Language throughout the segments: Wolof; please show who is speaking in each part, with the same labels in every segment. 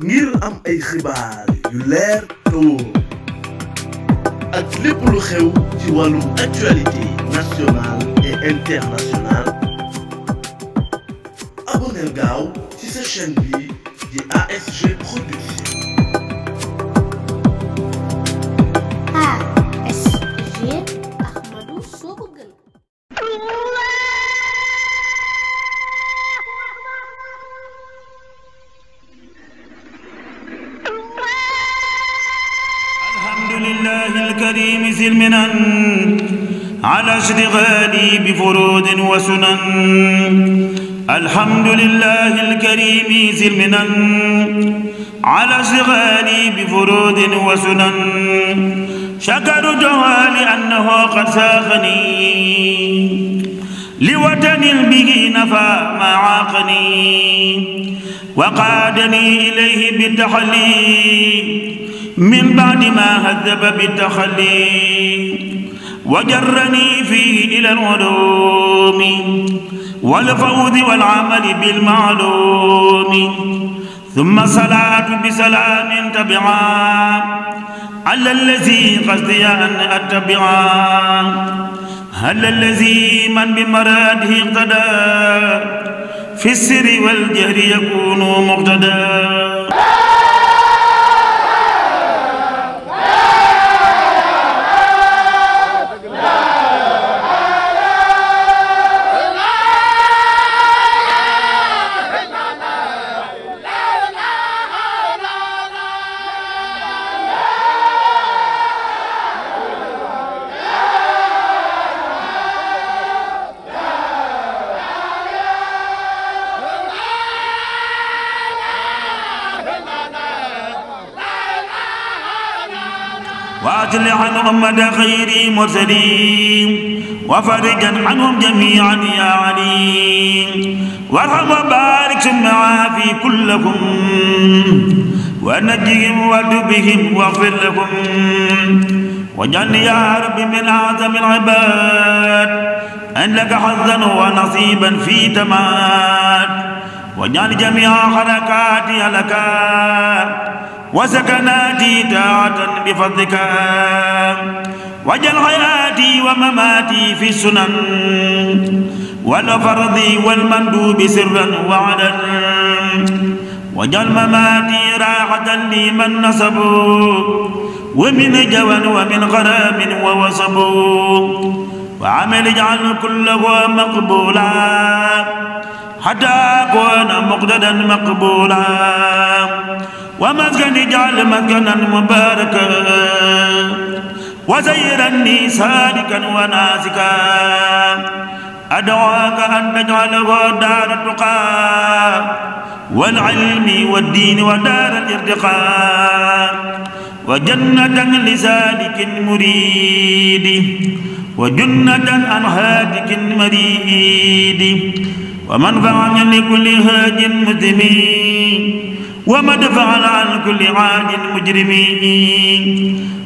Speaker 1: ngir am ay xibaar yu leer te wóor ak lépp lu xew ci actualité
Speaker 2: nationale et internationale Abonnez-vous
Speaker 1: ci cette chaîne bi di ASG Production
Speaker 2: الحمد لله الكريم ذي المنن على اشتغالي بفروض وسنن الحمد لله الكريم ذي المنن على اشتغالي بفروض وسنن شكر جوالي أنه قد ساقني لوطن به نفى ما عاقني وقادني إليه بالتحلي من بعد ما هذب بالتخلي وجرني فيه إلى العلوم
Speaker 1: والفوز
Speaker 2: والعمل بالمعلوم ثم صلاة بسلام تبعا على الذي قصدي أن أتبعا هل الذي من بمراده اقتدى في السر والجهر يكون مقتدى وأجل عن أمة خير مرسلين وفرج عنهم جميعا يا عليم وارحم وبارك ثم عافي كلهم ونجهم ودبهم واغفر لهم وجعلني يا رب من أعظم العباد أن لك حظا ونصيبا في تمام واجعل جميع حركاتي لك وسكناتي طاعة بفضلك وجل حياتي ومماتي في السنن والفرض والمندوب سرا وعدا وجل مماتي راحة لمن نصبوا ومن جوى ومن غرام ووصبوا وعمل اجعل كله مقبولا حتى أكون مقددا مقبولا ومسجد اجعل مسجدا مباركا وزيرني سالكا وناسكا أدعوك أن تجعله دار التقى والعلم والدين ودار الارتقاء وجنة لسالك مريد وجنة عن هادك مريد ومنفعة لكل هاد مذنب ومن فعل عن كل عاد مجرمين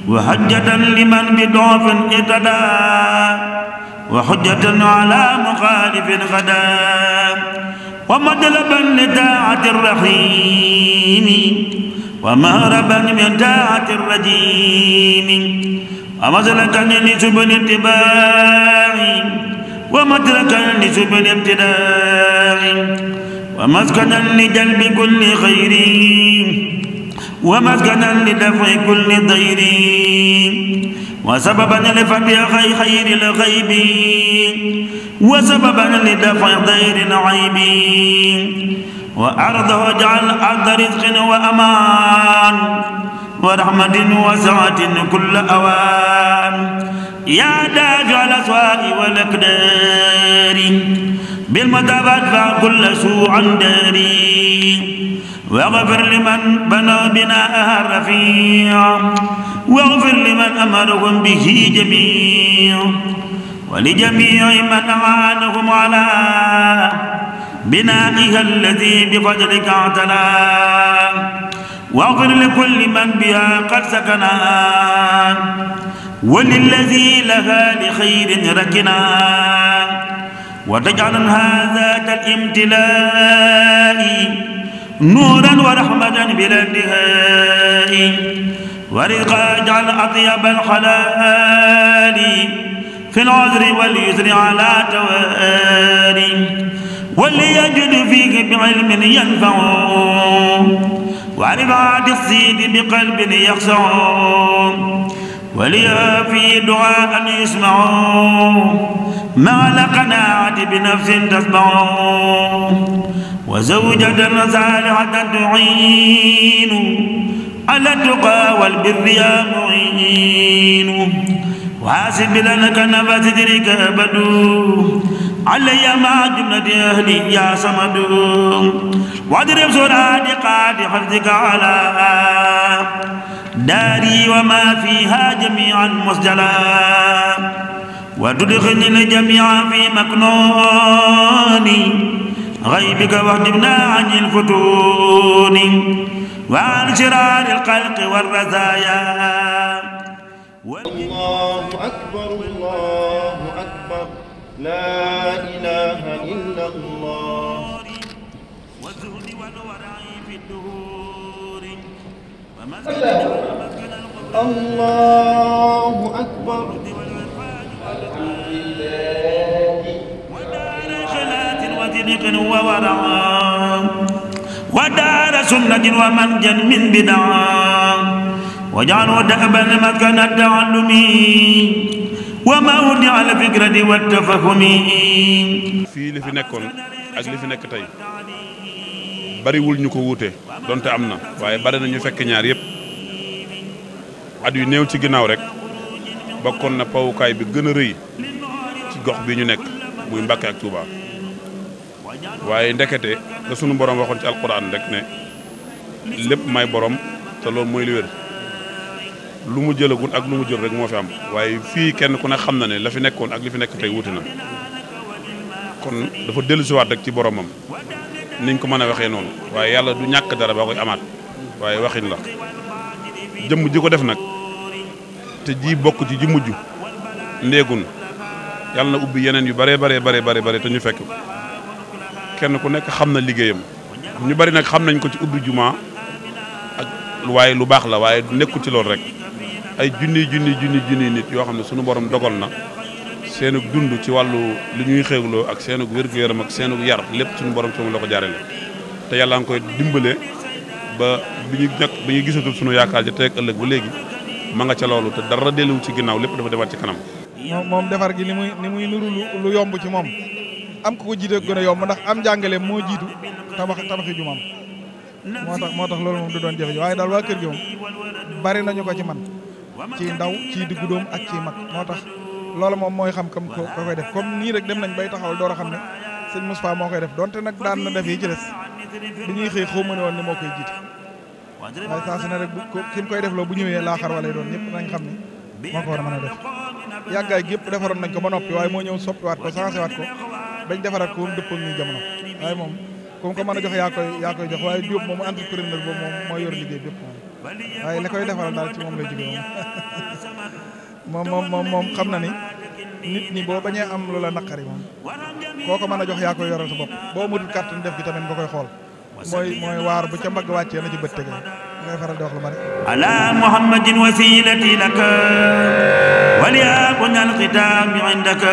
Speaker 2: وحجة لمن بضعف اتدى وحجة على مخالف غدا ومطلبا لطاعة الرحيم ومهربا من طاعة الرجيم ومسلكا لسبل اتباع ومدركا لسبل ابتداع ومسكنا لجلب كل خير ومسكنا لدفع كل ضير وسببا لفتح خير الغيب
Speaker 1: وسببا لدفع ضير العيب
Speaker 2: وأرضه واجعل أرض رزق وأمان ورحمة وسعة كل أوان يا داج الأسواء والأقدار بالمتابات فكل سوء داري واغفر لمن بنى بناءها الرفيع واغفر لمن أمرهم به جميع ولجميع من أعانهم على بنائها الذي بفضلك اعتلى واغفر لكل من بها قد سكنا وللذي لها لخير ركنا وتجعل هذا الامتلاء نورا ورحمة بلا انتهاء ورزقا اجعل أطيب الحلال في العذر واليسر على توالي وليجد فيك بعلم ينفع بعد الصيد بقلب يخشع وليا في دعاء يسمعون مع القناعة بنفس تسمع وزوجة صالحة تعين على التقى والبر يا معين وحاسب لك نفس تدرك أبد علي مع جملة أهلي يا صمد واضرب سرعة قاد حفظك على داري وما فيها جميعا مسجلا وتدخلني جميعا في مكنون غيبك واهدمنا عن الفتون وعن شرار الخلق والرزايا الله أكبر الله أكبر لا إله إلا الله والزهد والورع في الدهور ومسكن الله أكبر بدق وورعا wa سنة ومنجا من بدعا وجعلوا دأبا مكان التعلم fikrati
Speaker 1: wa tafahumi fi li fi nekkoon ak li fi nekk tay bari wul ñuko wuté donte am na waaye bari na ñu fekk ñaar yépp at yu ci ginaaw rek bokkon na pawukay bi gëna reuy ci gox bi ñu nekk muy Mbàkke ak Touba. waaye ndekete la sunu boroom waxoon ci alquran rek ne lépp may boroom te loolu muy li wér lu mu jëlagul ak lu mu jël rek moo fi am waaye fii kenn ku ne xam na ne la fi nekkoon ak lu fi nekk te wuti na kon dafa dellusiwaat rek ci boromam niñ ko mën a waxee noonu waaye yàlla du ñàkk dara ba koy amaat waaye waxin la jëmm ji ko def nag te ji bokk ci ji mujj ndéegun yàlla na ubbi yeneen yu bare bare bare bare bare te ñu fekk kenn ku nekk xam na liggéeyam ñu bari nag xam nañ ko ci ubbi juma ak waaye lu baax la waaye du nekku ci loolu rek ay junni junni junni junni nit yoo xam ne suñu borom dogal na seenug dund ci wàllu li ñuy xéwloo ak seenug wér-gu-yaram ak seenug yar lépp suñu borom sama la ko jaarale te yàlla nga koy dimbale ba bi ñu ñàkk bi ñu gisatul sunu yaakaar ja tey ëllëg ba léegi ma nga ca loolu te dara delluwu ci ginnaaw lépp dafa demaat ci kanam
Speaker 3: moom yomb ci moom am ku ko jiite gën a yomb ndax am jàngale moo jiitu tabax tabaxi jumaam moo tax moo tax loolu moom du doon jafe waaye daal waa kër gi nañu ko ci man ci ndaw ci diggu doom ak ci mag moo tax loolu moom mooy xam kam ko koy def comme nii rek dem nañ bay taxawal door a xam ne sëñ Moustapha moo koy def donte nag daan na def yi ci des bi ñuy xëy xaw ma ne woon ni moo koy jiit waaye saa su ne rek bu ki koy def loo bu ñëwee laaxar walay doon ñëpp nañ xam ne moo ko war a mën a def yàggaay gépp defaroon nañ ko ba noppi waaye moo ñëw soppiwaat ko changé waat bañ defaraat ko woon dëppal ñu jamono waaye moom comme que mën a jox yaa koy jox waaye Diop moom entrepreneur boobu moom moo yor liggéey bépp moom waaye la koy defaral daal ci moom lay jóge moom moom moom moom xam na ni nit ñi boo bañee am loola naqari moom koo ko mën a jox yaa koy yoral bopp boo amatul kàttan def gi tamit nga koy xool mooy mooy waar bu ca mbagg wàccee na ci bët tege ngay faral di wax lu bari ala muhammadin
Speaker 2: wasilati
Speaker 3: laka wali abun alqitami indaka